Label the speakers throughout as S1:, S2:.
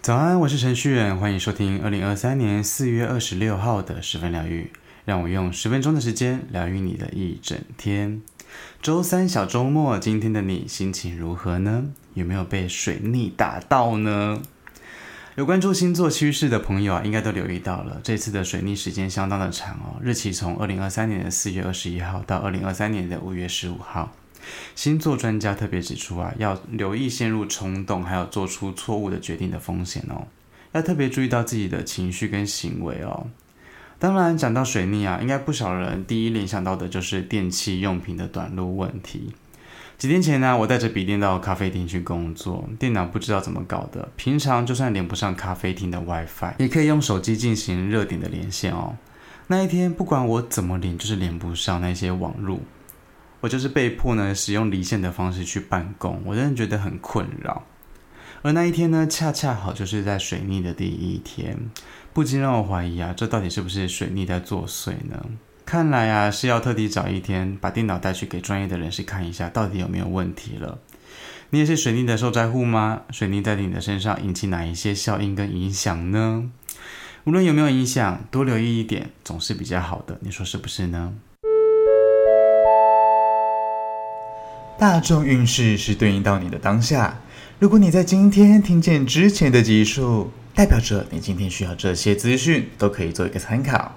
S1: 早安，我是程序員，歡迎收聽二零二三年四月二十六號的十分療癒。讓我用十分鐘的時間療癒你的一整天。周三小周末，今天的你心情如何呢？有沒有被水逆打到呢？有關注星座趨勢的朋友啊，應該都留意到了，這次的水逆時間相當的長哦，日期從二零二三年的四月二十一號到二零二三年的五月十五號。星座專家特別指出啊，要留意陷入衝動，還有做出錯誤的決定的風險哦，要特別注意到自己的情緒跟行為哦。當然，講到水逆啊，應該不少人第一聯想到的就是電器用品的短路問題。幾天前呢，我帶着筆電到咖啡廳去工作，電腦不知道怎麼搞的，平常就算連不上咖啡廳的 Wi-Fi，也可以用手機進行熱點的連線哦。那一天，不管我怎麼連，就是連不上那些網路，我就是被迫呢使用離線的方式去辦公，我真的覺得很困擾。而那一天呢，恰恰好就是在水逆的第一天，不禁讓我懷疑啊，這到底是不是水逆在作祟呢？看來啊，是要特地找一天，把電腦帶去給專業的人士看一下，到底有沒有問題了。你也是水逆的受災戶嗎？水逆在你的身上引起哪一些效應跟影響呢？無論有沒有影響，多留意一點總是比較好的。你說是不是呢？大眾運勢是對應到你的當下。如果你在今天聽見之前的集數，代表着你今天需要這些資訊都可以做一個參考。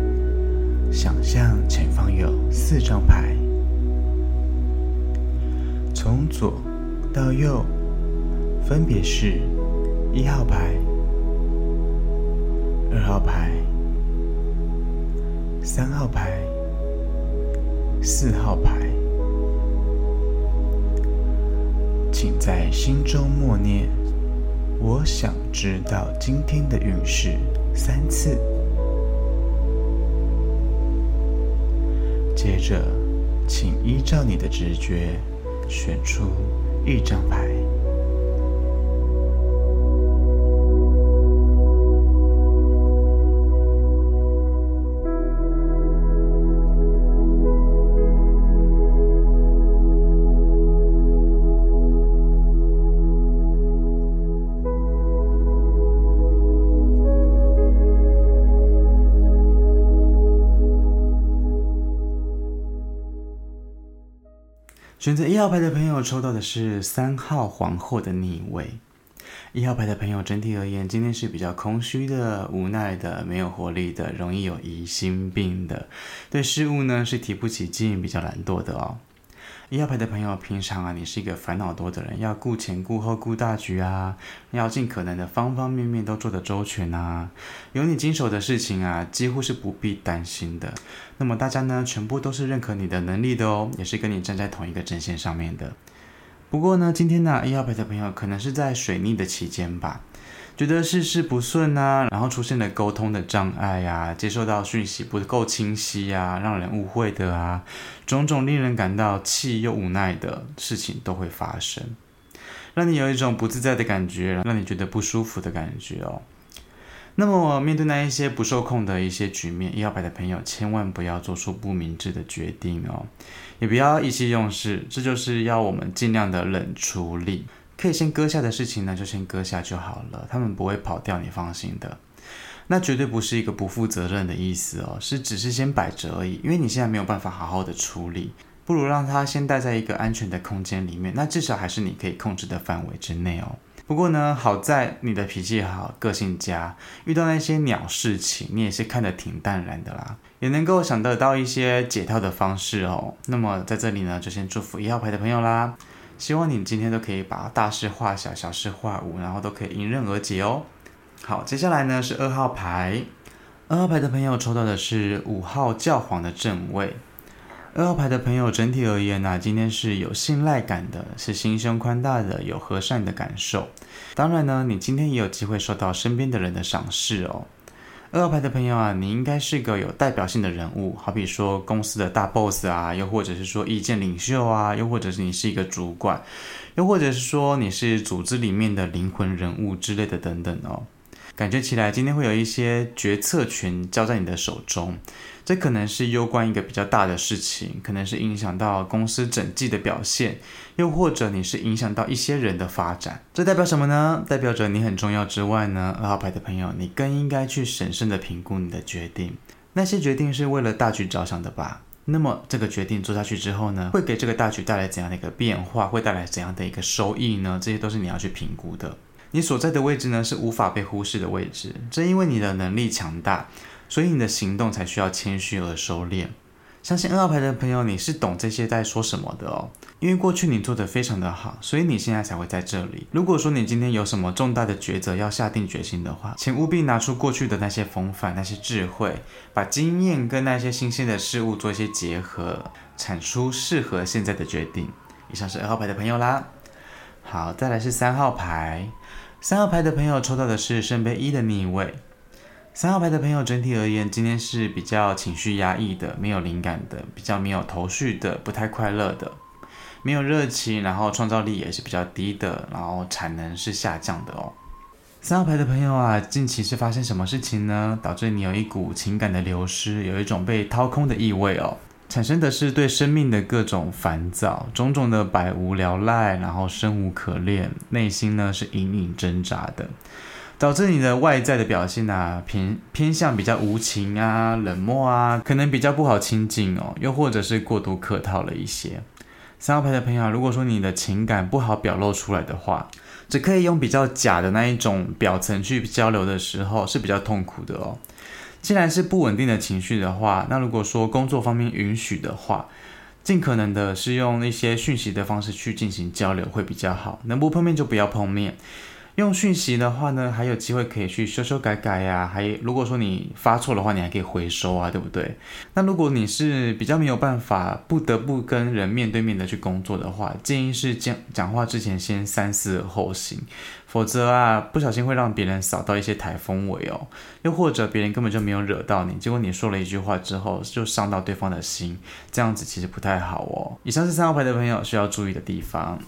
S1: 想象前方有四張牌，從左到右分別是一號牌、二號牌、三號牌、四號牌。請在心中默念：“我想知道今天的運勢。”三次。接着，請依照你的直覺選出一張牌。選擇一號牌的朋友抽到的是三號皇後的逆位。一號牌的朋友整體而言，今天是比較空虛的、無奈的、沒有活力的，容易有疑心病的，對事物呢，是提不起勁，比較懶惰的哦。一號牌的朋友，平常啊，你是一個煩惱多的人，要顧前顧後、顧大局啊，要盡可能的方方面面都做得周全啊。有你經手的事情啊，幾乎是不必擔心的。那麼大家呢，全部都是認可你的能力的哦，也是跟你站在同一個陣線上面的。不過呢，今天呢、啊，一號牌的朋友可能是在水逆的期間吧。覺得事事不順啊，然後出現了溝通的障礙呀、啊，接受到訊息不夠清晰啊，讓人誤會的啊，種種令人感到氣又無奈的事情都會發生，讓你有一種不自在的感覺，讓你覺得不舒服的感覺哦。那麼我面對那一些不受控的一些局面，一號牌的朋友千萬不要做出不明智的決定哦，也不要意氣用事，這就是要我們儘量的冷處理。可以先擱下的事情呢，就先擱下就好了，他們不會跑掉，你放心的。那絕對不是一個不負責任的意思哦，是只是先擺着而已，因為你現在沒有辦法好好的處理，不如讓他先待在一個安全的空間裡面，那至少還是你可以控制的範圍之內哦。不過呢，好在你的脾氣好，個性佳，遇到那些鳥事情，你也是看得挺淡然的啦，也能夠想得到一些解套的方式哦。那麼在這裡呢，就先祝福一號牌的朋友啦。希望你今天都可以把大事化小，小事化無，然後都可以迎刃而解哦。好，接下來呢，是二號牌，二號牌的朋友抽到的是五號教皇的正位。二號牌的朋友整體而言呢、啊，今天是有信賴感的，是心胸寬大的，有和善的感受。當然呢，你今天也有機會受到身邊的人的賞識哦。二排的朋友啊，你應該是個有代表性的人物，好比說公司的大 boss 啊，又或者是說意見領袖啊，又或者是你是一個主管，又或者是說你是組織裡面的靈魂人物之類的等等哦。感覺起來，今天會有一些決策權交在你的手中，這可能是攸關一個比較大的事情，可能是影響到公司整季的表現，又或者你是影響到一些人的發展。這代表什麼呢？代表着你很重要之外呢，二號牌的朋友，你更應該去審慎的評估你的決定。那些決定是為了大局着想的吧？那麼這個決定做下去之後呢，會給這個大局帶來怎樣的一個變化？會帶來怎樣的一個收益呢？這些都是你要去評估的。你所在的位置呢，是無法被忽視的位置，正因為你的能力強大，所以你的行動才需要謙虛而收斂。相信二號牌的朋友，你是懂這些在說什麼的哦。因為過去你做得非常的好，所以你現在才會在這裡。如果說你今天有什麼重大的抉擇要下定決心的話，請務必拿出過去的那些風範、那些智慧，把經驗跟那些新鮮的事物做一些結合，產出適合現在的決定。以上是二號牌的朋友啦。好，再來是三號牌。三號牌的朋友抽到的是聖杯一的逆位。三號牌的朋友整體而言，今天是比較情緒壓抑的，沒有靈感的，比較沒有頭緒的，不太快樂的，沒有熱情，然後創造力也是比較低的，然後產能是下降的哦。三號牌的朋友啊，近期是發生什麼事情呢？導致你有一股情感的流失，有一種被掏空的意味哦。產生的是對生命的各種煩躁、種種的百無聊賴，然後生無可戀，內心呢是隱隱掙扎的，導致你的外在的表現啊偏偏向比較無情啊、冷漠啊，可能比較不好親近哦，又或者是過度客套了一些。三號牌的朋友，如果說你的情感不好表露出來的話，只可以用比較假的那一種表層去交流的時候是比較痛苦的哦。既然是不穩定的情緒的話，那如果說工作方面允許的話，盡可能的是用一些訊息的方式去進行交流會比較好。能不碰面就不要碰面。用訊息的話呢，還有機會可以去修修改改呀、啊。還如果說你發錯的話，你還可以回收啊，對不對？那如果你是比較沒有辦法不得不跟人面對面的去工作的話，建議是講講話之前先三思而後行。否則啊，不小心會讓別人掃到一些颱風尾哦，又或者別人根本就沒有惹到你，結果你說了一句話之後就傷到對方的心，這樣子其實不太好哦。以上是三號牌的朋友需要注意的地方。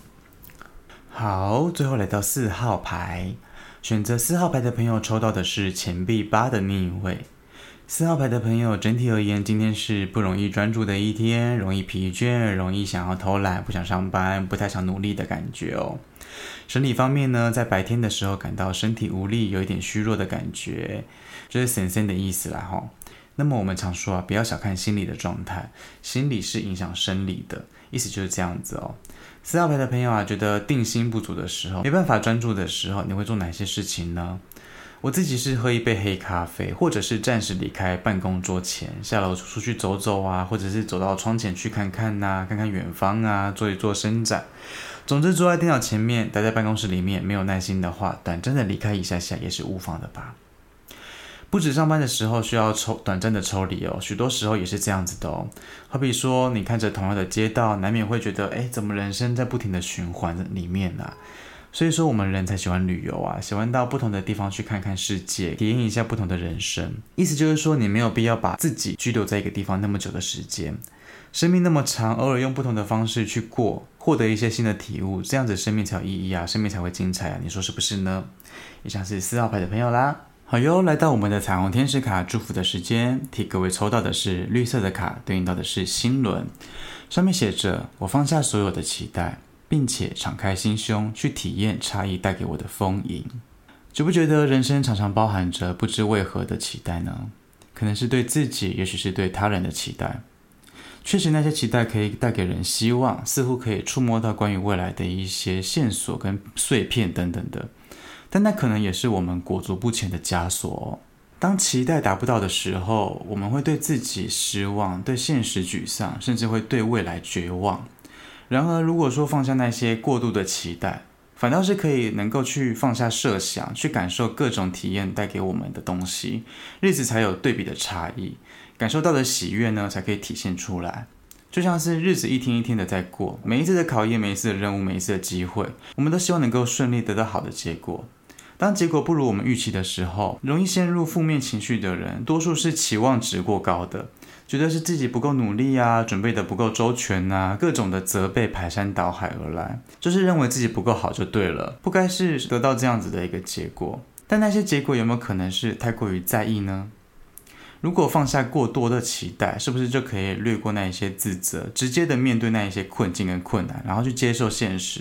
S1: 好，最後來到四號牌，選擇四號牌的朋友抽到的是錢幣八的逆位。四號牌的朋友，整體而言，今天是不容易專注的一天，容易疲倦，容易想要偷懶，不想上班，不太想努力的感覺哦。生理方面呢，在白天的時候感到身體無力，有一點虛弱的感覺，這、就是神仙的意思啦哈、哦。那麼我們常說啊，不要小看心理的狀態，心理是影響生理的，意思就是這樣子哦。四號牌的朋友啊，覺得定心不足的時候，沒辦法專注的時候，你會做哪些事情呢？我自己是喝一杯黑咖啡，或者是暫時離開辦公桌前，下樓出去走走啊，或者是走到窗前去看看啊，看看遠方啊，做一做伸展。總之，坐在電腦前面，待在辦公室裡面，沒有耐心的話，短暫的離開一下下也是無妨的吧。不止上班的時候需要抽短暫的抽離哦，許多時候也是這樣子的哦。好比說，你看着同樣的街道，難免會覺得，誒，怎麼人生在不停的循環裡面呢？所以說，我們人才喜歡旅遊啊，喜歡到不同的地方去看看世界，體驗一下不同的人生。意思就是說，你沒有必要把自己拘留在一個地方那麼久的時間。生命那麼長，偶爾用不同的方式去過，獲得一些新的體悟，這樣子生命才有意義啊，生命才會精彩啊。你說是不是呢？以上是四號牌的朋友啦，好喲，來到我們的彩虹天使卡祝福的時間，替各位抽到的是綠色的卡，對應到的是心輪，上面寫着：我放下所有的期待。並且敞開心胸去體驗差異帶給我的豐盈。覺不覺得人生常常包含着不知為何的期待呢？可能是對自己，也許是對他人的期待。確實，那些期待可以帶給人希望，似乎可以觸摸到關於未來的一些線索跟碎片等等的。但那可能也是我們裹足不前的枷鎖哦。當期待達不到的時候，我們會對自己失望，對現實沮喪，甚至會對未來絕望。然而，如果說放下那些過度的期待，反倒是可以能夠去放下設想，去感受各種體驗帶給我們的東西，日子才有對比的差異，感受到的喜悅呢，才可以體現出來。就像是日子一天一天的在過，每一次的考驗、每一次的任務、每一次的機會，我們都希望能夠順利得到好的結果。當結果不如我們預期的時候，容易陷入負面情緒的人，多數是期望值過高的。覺得是自己不夠努力啊，準備的不夠周全吶、啊，各種的責備排山倒海而來，就是認為自己不夠好就對了，不該是得到這樣子的一個結果。但那些結果有沒有可能是太過於在意呢？如果放下過多的期待，是不是就可以略過那一些自責，直接的面對那一些困境跟困難，然後去接受現實，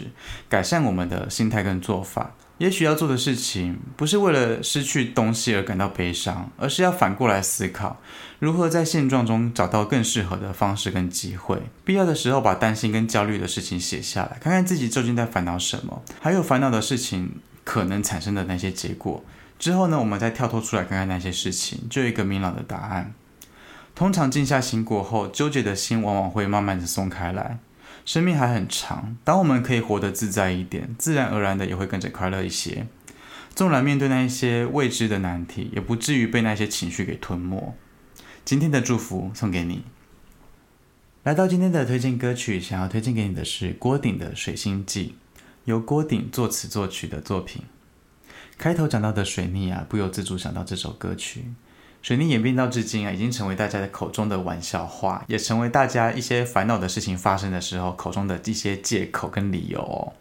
S1: 改善我們的心態跟做法？也許要做的事情，不是為了失去東西而感到悲傷，而是要反過來思考，如何在現狀中找到更適合的方式跟機會。必要的時候，把擔心跟焦慮的事情寫下來，看看自己究竟在煩惱什麼，還有煩惱的事情可能產生的那些結果。之後呢，我們再跳脫出來看看那些事情，就有一個明朗的答案。通常靜下心過後，糾結的心往往會慢慢的鬆開來。生命還很長，當我們可以活得自在一點，自然而然的也會跟着快樂一些。縱然面對那一些未知的難題，也不至於被那些情緒給吞沒。今天的祝福送給你。來到今天的推薦歌曲，想要推薦給你的是郭頂的《水星記》，由郭頂作詞作曲的作品。開頭講到的水逆啊，不由自主想到這首歌曲。水逆演變到至今啊，已經成為大家的口中的玩笑話，也成為大家一些煩惱的事情發生的時候口中的一些借口跟理由哦。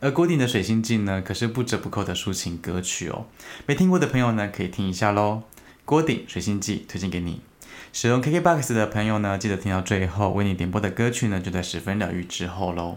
S1: 而郭頂的《水星記》呢，可是不折不扣的抒情歌曲哦。沒聽過的朋友呢，可以聽一下嘍。郭頂《水星記》推薦給你。使用 KKBOX 的朋友呢，記得聽到最後，為你點播的歌曲呢，就在十分療癒之後嘍。